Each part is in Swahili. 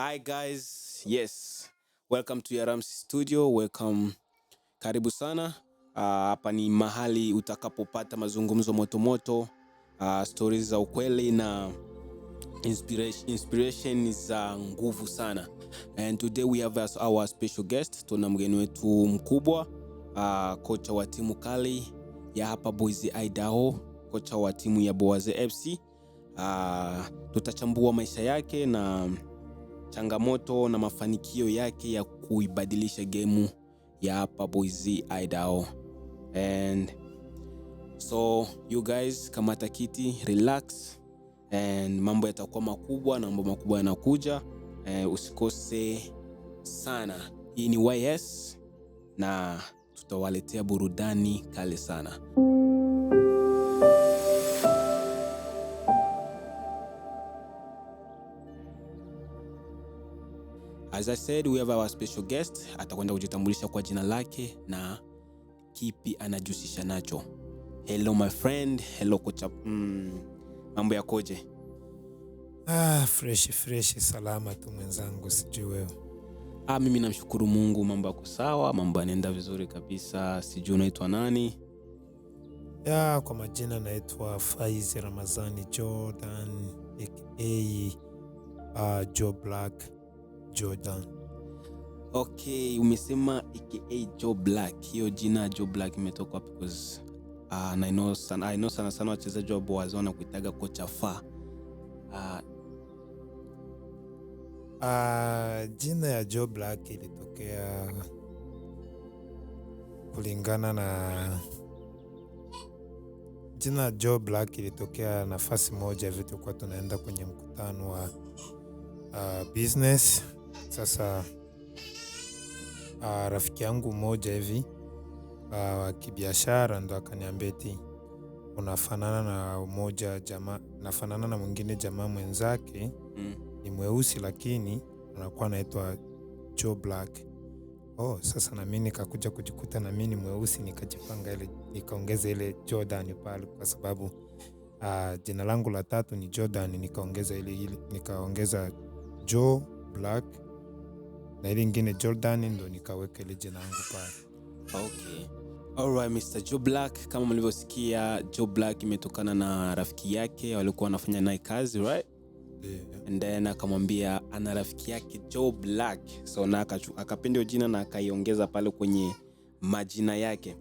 Hi guys, yes, welcome to Yaram Studio, welcome, karibu sana ah, hapa. Uh, ni mahali utakapopata mazungumzo motomoto -moto, uh, stories za ukweli na inspiration, inspiration za nguvu sana, and today we have our special guest. Tuna mgeni wetu mkubwa uh, kocha wa timu kali ya hapa Boise Idaho, kocha wa timu ya Boise FC uh, tutachambua maisha yake na changamoto na mafanikio yake ya kuibadilisha gemu ya hapa Boise Idaho. And so you guys, kamata kiti, relax and mambo yatakuwa makubwa na mambo makubwa yanakuja. Uh, usikose sana. Hii ni YS na tutawaletea burudani kali sana. As I said, we have our special guest, atakwenda kujitambulisha kwa jina lake na kipi anajihusisha nacho. Hello my friend, hello kocha. Mm, mambo yakoje? Ah, fresh fresh, salama tu mwenzangu, sijui wewe. Ah, mimi namshukuru Mungu, mambo yako sawa, mambo yanaenda vizuri kabisa. Sijui unaitwa nani? Ya, kwa majina naitwa Faiz Ramazani Jordan aka uh, ah, Joe Black Jordan. Okay, umesema aka Joe Black. Hiyo jina Joe Black imetoka wapi? Because uh, ah, na I know sana, I know sana sana wachezaji wa Boaz wana wanakuitaga kocha fa. Uh, ah, uh, ah, jina ya Joe Black ilitokea kulingana na jina Joe Black ilitokea nafasi moja vitu kwa tunaenda kwenye mkutano wa uh, business sasa uh, rafiki yangu mmoja hivi ah, wa uh, kibiashara ndo akaniambia eti unafanana na mmoja jamaa, nafanana na mwingine jamaa mwenzake mm. ni mweusi lakini anakuwa anaitwa Joe Black. Oh, sasa nami nikakuja kujikuta nami ni mweusi, nikajipanga ile nikaongeza ile Jordan pale, kwa sababu uh, jina langu la tatu ni Jordan, nikaongeza ile ile nikaongeza Joe Black na ile ingine Jordan ndo nikaweka ile jina langu pale. Okay. Alright, Mr. Joe Black, kama mlivyosikia Joe Black imetokana na rafiki yake walikuwa wanafanya naye kazi right? Yeah. And then akamwambia ana rafiki yake Joe Black, so na akapenda jina na akaiongeza pale kwenye majina yake.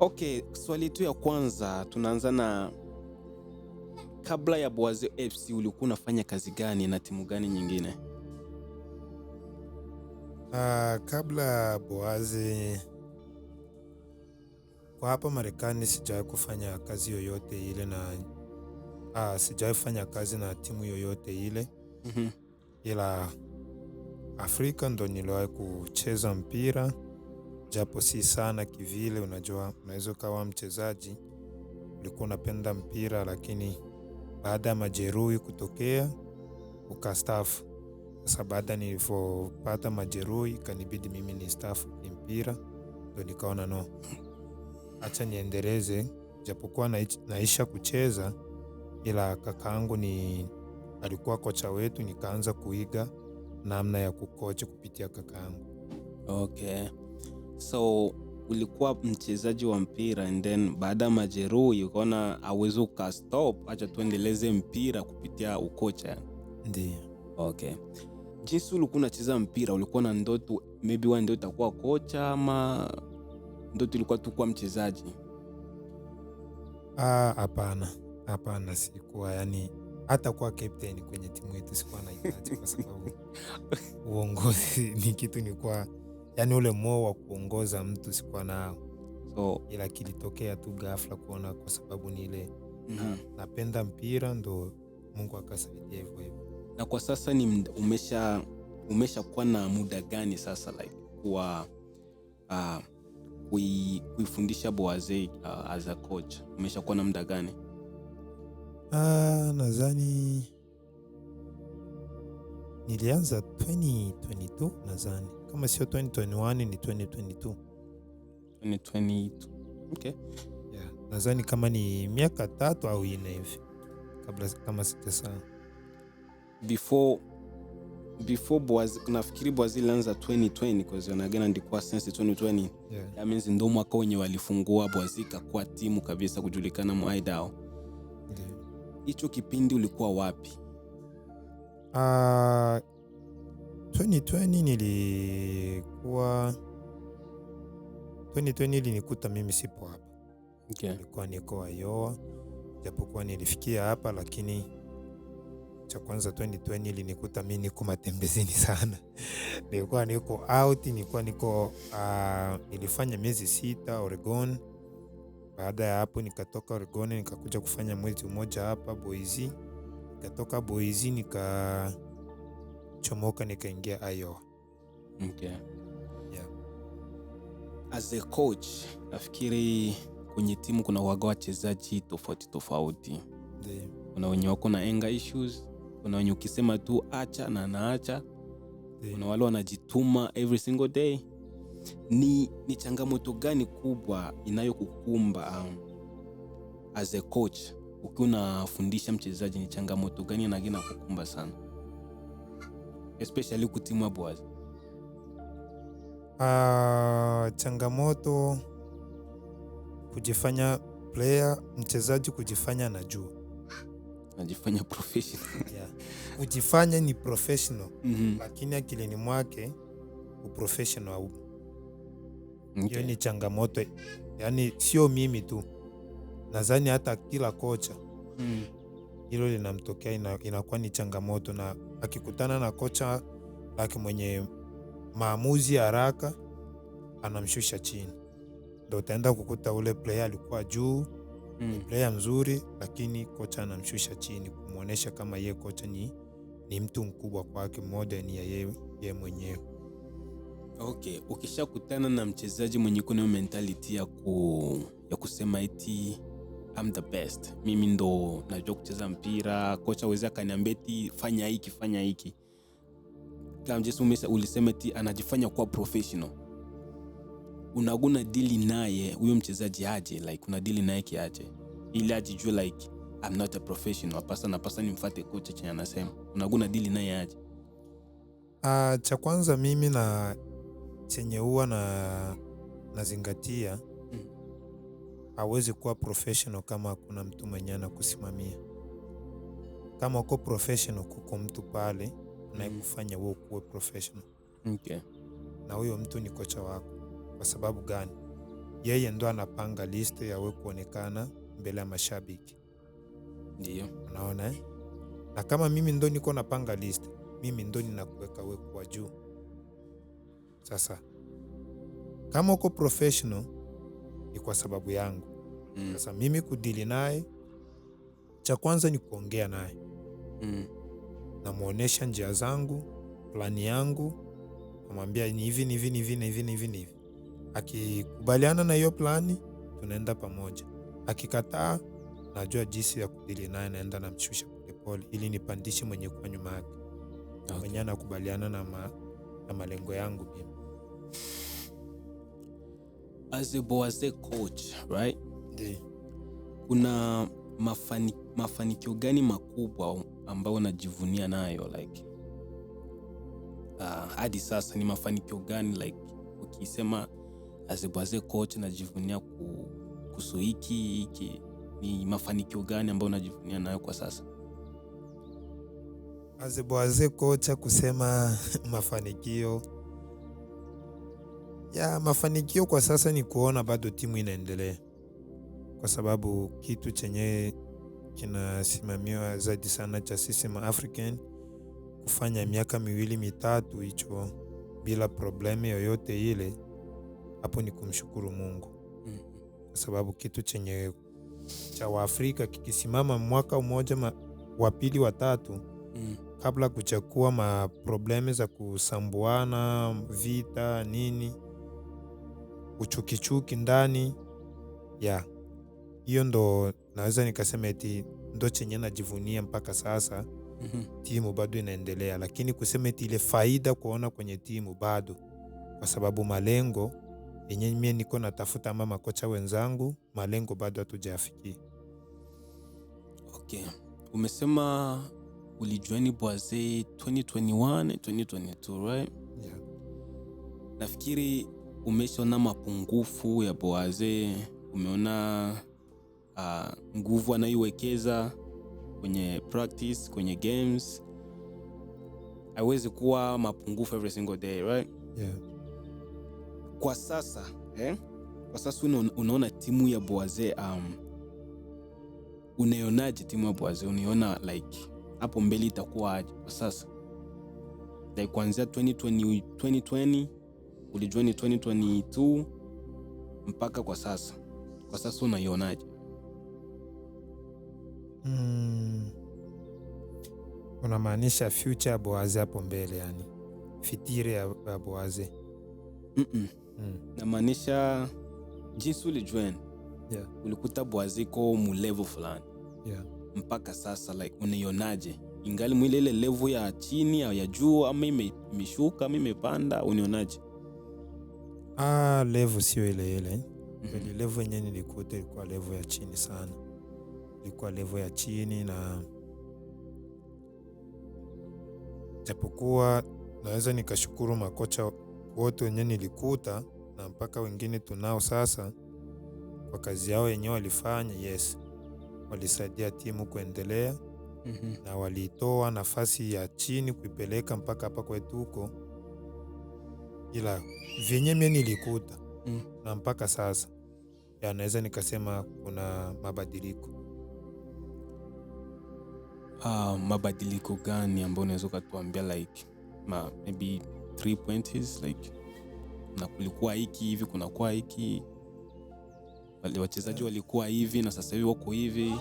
Okay, swali yetu ya kwanza tunaanza na kabla ya Bwazeo FC ulikuwa unafanya kazi gani na timu gani nyingine? Na ah, kabla Boazi, kwa hapa Marekani sijawahi kufanya kazi yoyote ile na uh, sijawahi kufanya kazi na timu yoyote ile mm -hmm. Ila Afrika ndo niliwahi kucheza mpira japo si sana kivile. Unajua, unaweza ukawa mchezaji ulikuwa unapenda mpira, lakini baada ya majeruhi kutokea ukastafu sasa baada nilivyopata majeruhi, kanibidi mimi ni stafu mpira, ndo nikaona no, acha niendeleze, japokuwa naisha kucheza, ila kakaangu ni alikuwa kocha wetu, nikaanza kuiga namna ya kukocha kupitia kakaangu. Okay, so ulikuwa mchezaji wa mpira and then baada ya majeruhi ukaona awezi ukastop, acha tuendeleze mpira kupitia ukocha. Ndio. Okay jinsi ulikuwa unacheza mpira, ulikuwa na ndoto maybe wewe ndio utakuwa kocha ama ndoto ilikuwa tu kuwa mchezaji? Ah, hapana hapana, sikuwa yani hata kuwa captain kwenye timu yetu sikuwa na hitaji kwa sababu uongozi ni kitu nikuwa yani ule moo wa kuongoza mtu sikuwa nao, so ila kilitokea tu ghafla kuona kwa sababu ni ile mm -hmm. napenda mpira ndo Mungu akasaidia hivyo hivyo. Na kwa sasa ni umesha umeshakuwa na muda gani sasa like kuwa uh, kuifundisha Boaze uh, as a coach umeshakuwa na muda gani? Uh, nadhani nilianza 2022 nadhani kama sio 2021 ni 2022. 2022. Okay. Yeah. Nadhani kama ni miaka tatu au ine hivi kabla kama sita before before Boaz, nafikiri Boaz ilianza 2020 because Wanagana ndikuwa since 2020 yeah. That means ndo mwaka wenye walifungua Boaz ikakuwa timu kabisa kujulikana mu idao hicho yeah. Kipindi ulikuwa wapi? Uh, ah, 2020 nilikuwa 2020 ilinikuta mimi sipo hapa okay. Nilikuwa niko Ayoa japokuwa nilifikia hapa lakini cha kwanza 2020 ilinikuta mi niko matembezini sana nilikuwa niko out, nilikuwa niko uh, nilifanya miezi sita Oregon. Baada ya hapo nikatoka Oregon nikakuja kufanya mwezi mmoja hapa Boise, nikatoka Boise nikachomoka nikaingia Iowa. Okay. Yeah. As a coach, nafikiri kwenye timu kuna waga wachezaji tofauti tofauti, kuna wenye wako na anger issues kuna wenye ukisema tu acha na naacha yeah. Kuna wale wanajituma every single day. Ni, ni changamoto gani kubwa inayokukumba um, as a coach ukiwa unafundisha mchezaji? Ni changamoto gani nagina kukumba sana especially kutimwa abwazi? Uh, changamoto kujifanya player mchezaji kujifanya anajua najifanya professional yeah. Ujifanye ni professional mm -hmm. Lakini akilini mwake uprofessional au hiyo Ni changamoto yaani, sio mimi tu, nadhani hata kila kocha mm. Hilo linamtokea ina, inakuwa ni changamoto, na akikutana na kocha lake mwenye maamuzi haraka anamshusha chini, ndo utaenda kukuta ule player alikuwa juu mm. player mzuri, lakini kocha anamshusha chini kumwonyesha kama yeye kocha ni, ni mtu mkubwa kwake, mmoja ni ya yeye mwenyewe. Okay, ukishakutana na mchezaji mwenye kuna mentality ya, ku, ya kusema eti I'm the best, mimi ndo najua kucheza mpira, kocha weze akaniambia eti fanya hiki fanya hiki, ulisema eti anajifanya kuwa professional unaguna dili naye huyo mchezaji aje like una dili naye kiaje ili ajijue like I'm not a professional pasa na pasa kocha chenye anasema unaguna dili naye aje uh, cha kwanza mimi na chenye huwa na nazingatia mm. kuwa professional kama hakuna mtu mwenyewe anakusimamia kama uko professional kuko mtu pale hmm. unayekufanya mm. wewe kuwe professional okay. na huyo mtu ni kocha wako kwa sababu gani? Yeye ndo anapanga liste ya we kuonekana mbele ya mashabiki, ndio unaona eh? Na kama mimi ndo niko napanga list, mimi ndo ninakuweka we kwa juu. Sasa kama uko professional ni kwa sababu yangu. Mm. Sasa mimi kudili naye, cha kwanza ni kuongea naye mm. Namwonyesha njia zangu, plani yangu, namwambia ni hivi ni hivi ni hivi ni hivi ni hivi Akikubaliana na hiyo plani tunaenda pamoja, akikataa najua jinsi ya kudili naye, naenda namshusha polepole ili nipandishe mwenye kuwa nyuma yake okay. Mwenye anakubaliana na, ma, na malengo yangu pia. As a coach, right? Ndiyo. Kuna mafani, mafanikio gani makubwa ambayo unajivunia nayo like uh, hadi sasa ni mafanikio gani like ukisema azibwaze coach, najivunia kuhusu hiki hiki, ni mafanikio gani ambayo najivunia nayo kwa sasa? azibwaze kocha kusema mafanikio ya mafanikio kwa sasa ni kuona bado timu inaendelea, kwa sababu kitu chenye kinasimamiwa zaidi sana cha sisi ma African kufanya miaka miwili mitatu hicho bila probleme yoyote ile hapo ni kumshukuru Mungu mm-hmm. kwa sababu kitu chenye cha Waafrika kikisimama mwaka mmoja wa pili wa tatu mm. kabla kuchakua maprobleme za kusambuana vita nini uchukichuki ndani ya yeah. Hiyo ndo naweza nikasema eti ndo chenye najivunia mpaka sasa. mm -hmm. Timu bado inaendelea, lakini kusema eti ile faida kuona kwenye timu bado, kwa sababu malengo yenye mie niko natafuta mama kocha wenzangu, malengo bado hatujafikia. Okay, umesema ulijoini Boise 2021 2022, right? Yeah. Nafikiri umeshaona mapungufu ya Boise, umeona uh, nguvu anayoiwekeza kwenye practice, kwenye games haiwezi kuwa mapungufu every single day, right? Yeah kwa sasa eh? Kwa sasa unaona timu ya Boaze um, unaionaje timu ya Boaze? Unaona like hapo mbele itakuwa aje kwa sasa like kuanzia 2020, 2020 ulijoin 2022 mpaka kwa sasa, kwa sasa unaionaje? Mm. Unamaanisha future ya Boaze hapo mbele, yani fitire ya Boaze? mm -mm mm. namaanisha jinsi ulijueni yeah. ulikuta bwaziko mulevo fulani yeah. mpaka sasa like unaionaje ingali mwile ile levu ya chini ya juu ama imeshuka ama imepanda unionaje ah, levu sio ile ile mm-hmm. levu yenyewe nilikuta ilikuwa levu ya chini sana ilikuwa levu ya chini na japokuwa naweza nikashukuru makocha wote wenyewe nilikuta na mpaka wengine tunao sasa, kwa kazi yao wenyewe walifanya, yes, walisaidia timu kuendelea mm -hmm. na walitoa nafasi ya chini kuipeleka mpaka hapa kwetu huko, ila vyenye mie nilikuta mm. na mpaka sasa naweza nikasema kuna mabadiliko. Uh, mabadiliko gani ambayo unaweza ukatuambia like ma, maybe three points like na kulikuwa hiki hivi kunakuwa hiki wachezaji walikuwa hivi na sasa hivi wako hivi.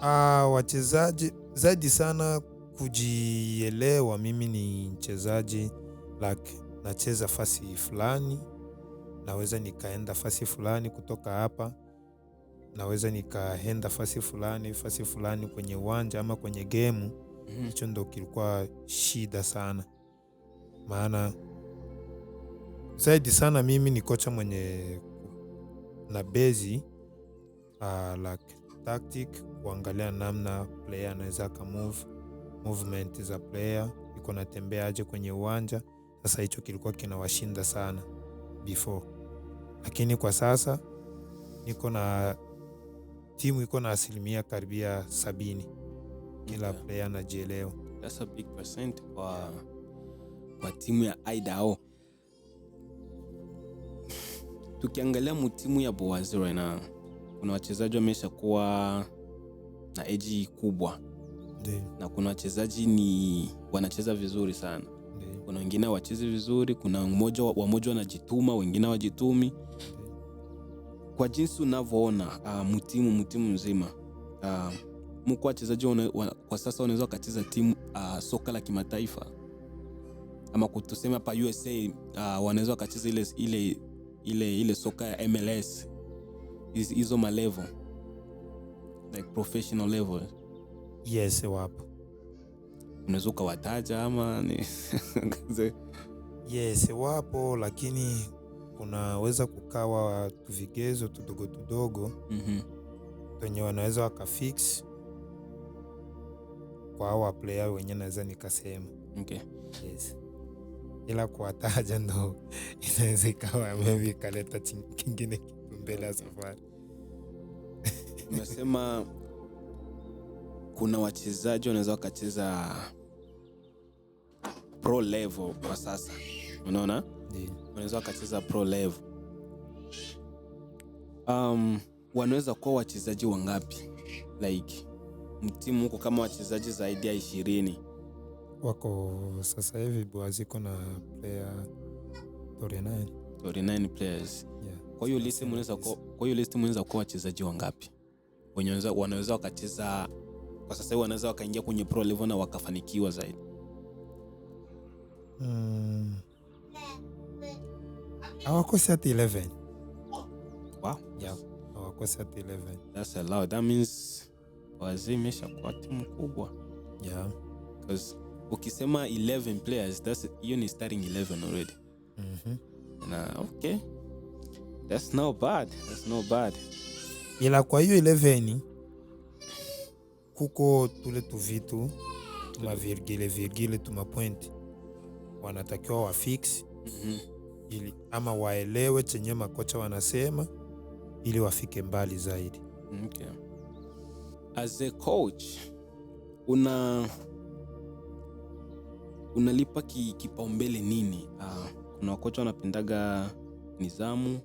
Ah, wachezaji zaidi sana kujielewa. Mimi ni mchezaji like nacheza fasi fulani, naweza nikaenda fasi fulani kutoka hapa, naweza nikaenda fasi fulani fasi fulani kwenye uwanja ama kwenye gemu. Mm-hmm. Hicho mm -hmm. Ndo kilikuwa shida sana maana zaidi sana mimi ni kocha mwenye na bezi uh, ah, la tactic kuangalia namna player anaweza ka move movement za player iko natembea aje kwenye uwanja. Sasa hicho kilikuwa kinawashinda sana before, lakini kwa sasa niko na timu iko na asilimia karibia sabini kila yeah. player anajielewa. That's a big percent kwa yeah kwa timu ya Idaho. Tukiangalia mutimu ya Boazi right now, kuna wachezaji wamesha kuwa na eji kubwa De. na kuna wachezaji ni wanacheza vizuri sana De. kuna wengine wachezi vizuri, kuna mmoja wamoja wanajituma, wengine wajitumi. Kwa jinsi unavyoona uh, ah, mutimu mtimu mzima uh, ah, mko wachezaji kwa sasa wanaweza wakacheza timu uh, soka la kimataifa ama kutusema hapa USA uh, wanaweza wakacheza ile, ile, ile, ile soka ya MLS hizo malevel like professional level. Yes, wapo unaweza ukawataja ama ni yes, wapo lakini kunaweza kukawa tuvigezo tudogo tudogo mm-hmm. wenye wanaweza wakafix kwa hawa player wenye naweza nikasema okay. yes ila kuwataja ndo inaweza ikawa mevi ikaleta kingine kitu mbele ya safari. Umesema kuna wachezaji wanaweza wakacheza pro level kwa sasa, unaona wanaweza wakacheza pro level um, wanaweza kuwa wachezaji wangapi like mtimu huko kama wachezaji zaidi ya ishirini wako sasa hivi bwa ziko na player 39 39 players kwa hiyo list mnaweza kwa hiyo listi mnaweza kuwa wachezaji wangapi wenye wanaweza wakacheza kwa sasa hivi wanaweza wakaingia kwenye pro level na wakafanikiwa zaidi mm. hawakosi hata 11 wow. yeah. hawakosi hata 11 that's a lot. that means wazee imeshakuwa timu kubwa yeah. Because ukisema 11 players that's hiyo ni starting 11 already mm -hmm. na okay that's no bad that's no bad ila kwa hiyo 11 kuko tule tuvitu tuma virgile virgile tuma point wanatakiwa wa wafix mm -hmm. ili ama waelewe chenye makocha wanasema ili wafike mbali zaidi okay. as a coach una unalipa kipaumbele ki nini? Aa, ah, kuna wakocha wanapendaga nizamu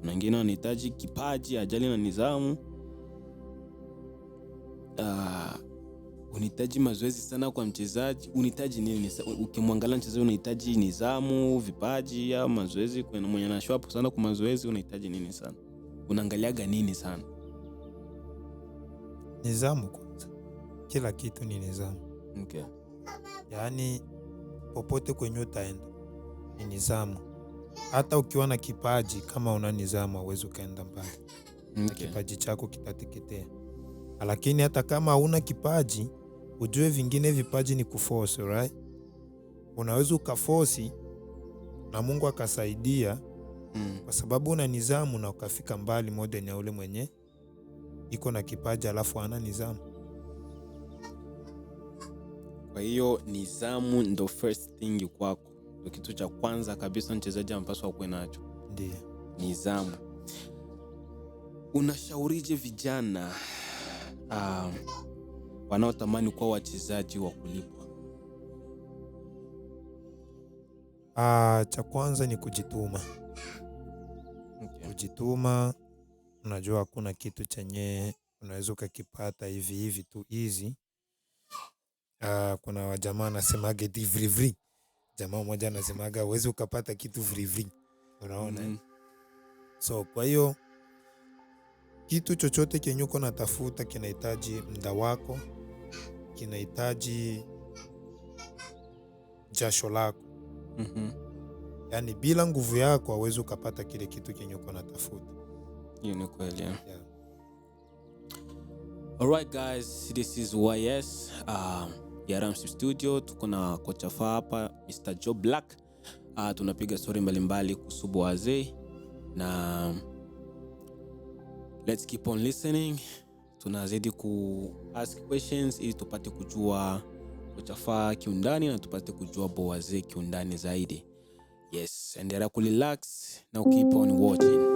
kuna wengine wanahitaji kipaji, ajali na nizamu Aa, ah, unahitaji mazoezi sana kwa mchezaji, unahitaji nini? Ukimwangalia mchezaji unahitaji nizamu vipaji au mazoezi? mwenye nashwapo sana kwa mazoezi, unahitaji nini sana? Unaangaliaga nini sana? nizamu kwanza, kila kitu ni nizamu Okay. Yaani popote kwenye utaenda ni nizamu. Hata ukiwa na kipaji, kama una nizamu hauwezi ukaenda mbali okay. kipaji chako kitateketea, lakini hata kama una kipaji, ujue vingine vipaji ni kuforce, right? Unaweza ukaforce na Mungu akasaidia mm. Kwa sababu una nizamu na ukafika mbali moja than ya ule mwenye iko na kipaji alafu ana nizamu. Kwa hiyo nidhamu ndo first thing kwako, ndo kitu cha kwanza kabisa mchezaji anapaswa akuwe nacho, ndio nidhamu. Unashaurije vijana um, wanaotamani kuwa wachezaji wa kulipwa? Uh, cha kwanza ni kujituma. Okay. Kujituma, unajua hakuna kitu chenye unaweza ukakipata hivi hivi tu hizi Uh, kuna wajamaa anasemaga ti vrivri, jamaa mmoja anasemaga uwezi ukapata kitu vrivri, unaona mm. So kwa hiyo kitu chochote kenye uko natafuta kinahitaji mda wako, kinahitaji jasho lako mm -hmm. Yaani bila nguvu yako awezi ukapata kile kitu kenye uko natafuta. Hiyo ni kweli yeah. yeah. right, guys, this is YS. Um, ah, ya Ramsey Studio. Tuko na kocha fa hapa Mr. Joe Black. Uh, tunapiga story mbalimbali kusubu wazee na let's keep on listening. Tunazidi ku ask questions ili tupate kujua kocha fa kiundani na tupate kujua wazee kiundani zaidi. Yes, endelea relax na keep on watching.